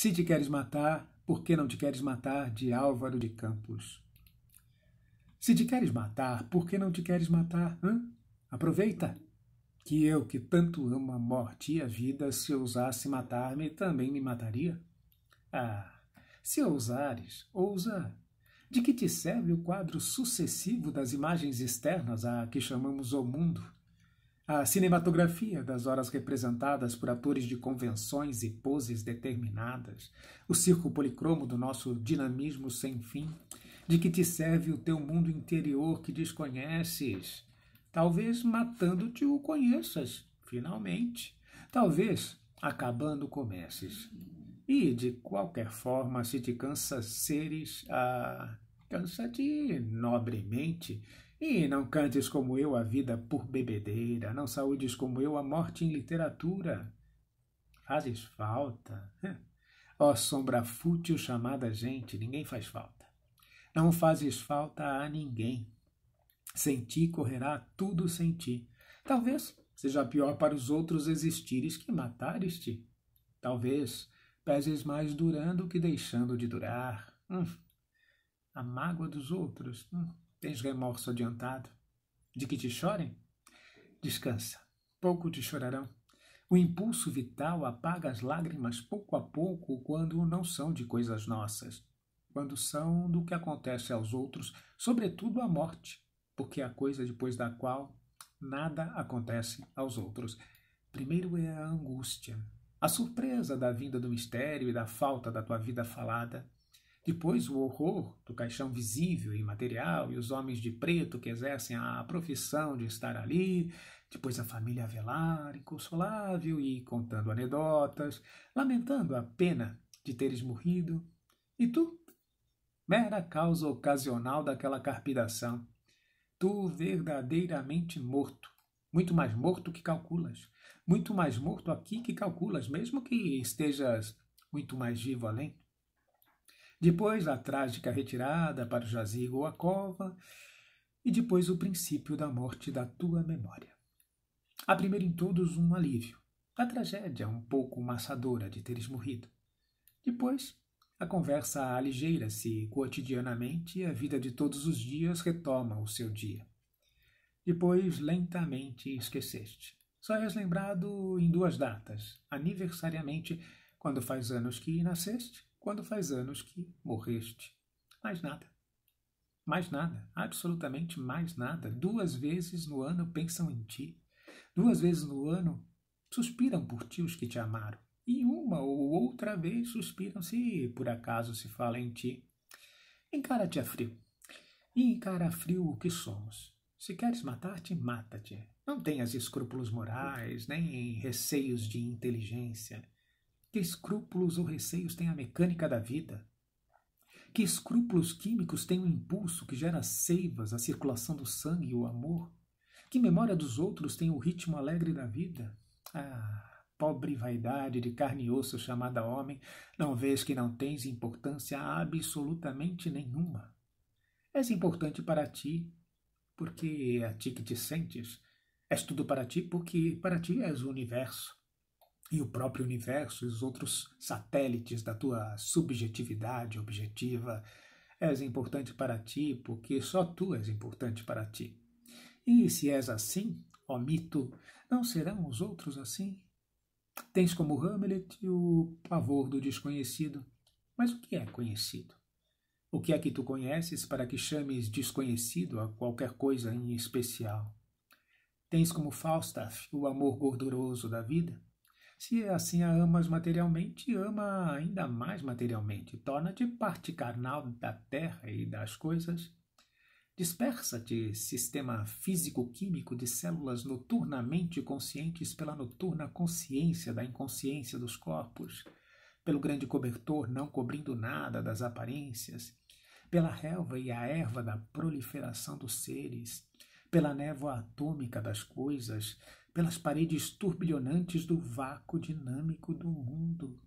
Se te queres matar, por que não te queres matar? de Álvaro de Campos. Se te queres matar, por que não te queres matar? Hã? Aproveita! Que eu, que tanto amo a morte e a vida, se ousasse matar-me, também me mataria. Ah, se ousares, ousa! De que te serve o quadro sucessivo das imagens externas a que chamamos o mundo? A cinematografia das horas representadas por atores de convenções e poses determinadas, o circo policromo do nosso dinamismo sem fim, de que te serve o teu mundo interior que desconheces. Talvez matando-te o conheças, finalmente. Talvez acabando comeces. E, de qualquer forma, se te cansas seres a. Ah, Cansa-te nobremente, e não cantes como eu a vida por bebedeira, não saúdes como eu a morte em literatura. Fazes falta. Ó oh, sombra fútil chamada gente, ninguém faz falta. Não fazes falta a ninguém. Sem ti correrá tudo sem ti. Talvez seja pior para os outros existires que matares-te. Talvez peses mais durando que deixando de durar. Hum a mágoa dos outros. Hum, tens remorso adiantado? De que te chorem? Descansa, pouco te chorarão. O impulso vital apaga as lágrimas pouco a pouco quando não são de coisas nossas, quando são do que acontece aos outros, sobretudo a morte, porque é a coisa depois da qual nada acontece aos outros. Primeiro é a angústia, a surpresa da vinda do mistério e da falta da tua vida falada. Depois, o horror do caixão visível e material e os homens de preto que exercem a profissão de estar ali. Depois, a família velar, inconsolável e contando anedotas, lamentando a pena de teres morrido. E tu? Mera causa ocasional daquela carpidação. Tu verdadeiramente morto. Muito mais morto que calculas. Muito mais morto aqui que calculas, mesmo que estejas muito mais vivo além. Depois, a trágica retirada para o jazigo ou a cova, e depois o princípio da morte da tua memória. Há primeiro em todos um alívio, a tragédia um pouco maçadora de teres morrido. Depois, a conversa aligeira-se cotidianamente e a vida de todos os dias retoma o seu dia. Depois, lentamente esqueceste. Só és lembrado em duas datas, aniversariamente, quando faz anos que nasceste quando faz anos que morreste. Mais nada. Mais nada, absolutamente mais nada. Duas vezes no ano pensam em ti. Duas vezes no ano suspiram por ti os que te amaram. E uma ou outra vez suspiram se por acaso se fala em ti. Encara-te a frio. E encara a frio o que somos. Se queres matar-te, mata-te. Não tenhas escrúpulos morais, nem receios de inteligência. Que escrúpulos ou receios tem a mecânica da vida? Que escrúpulos químicos tem o um impulso que gera seivas, a circulação do sangue e o amor? Que memória dos outros tem o ritmo alegre da vida? Ah, pobre vaidade de carne e osso chamada homem, não vês que não tens importância absolutamente nenhuma. És importante para ti, porque é a ti que te sentes. És tudo para ti, porque para ti és o universo e o próprio universo e os outros satélites da tua subjetividade objetiva. És importante para ti porque só tu és importante para ti. E se és assim, ó mito, não serão os outros assim? Tens como Hamlet o pavor do desconhecido. Mas o que é conhecido? O que é que tu conheces para que chames desconhecido a qualquer coisa em especial? Tens como Falstaff o amor gorduroso da vida? Se é assim a amas materialmente, ama ainda mais materialmente. Torna-te parte carnal da terra e das coisas. Dispersa-te, sistema físico-químico de células noturnamente conscientes pela noturna consciência da inconsciência dos corpos, pelo grande cobertor não cobrindo nada das aparências, pela relva e a erva da proliferação dos seres, pela névoa atômica das coisas, pelas paredes turbilhonantes do vácuo dinâmico do mundo.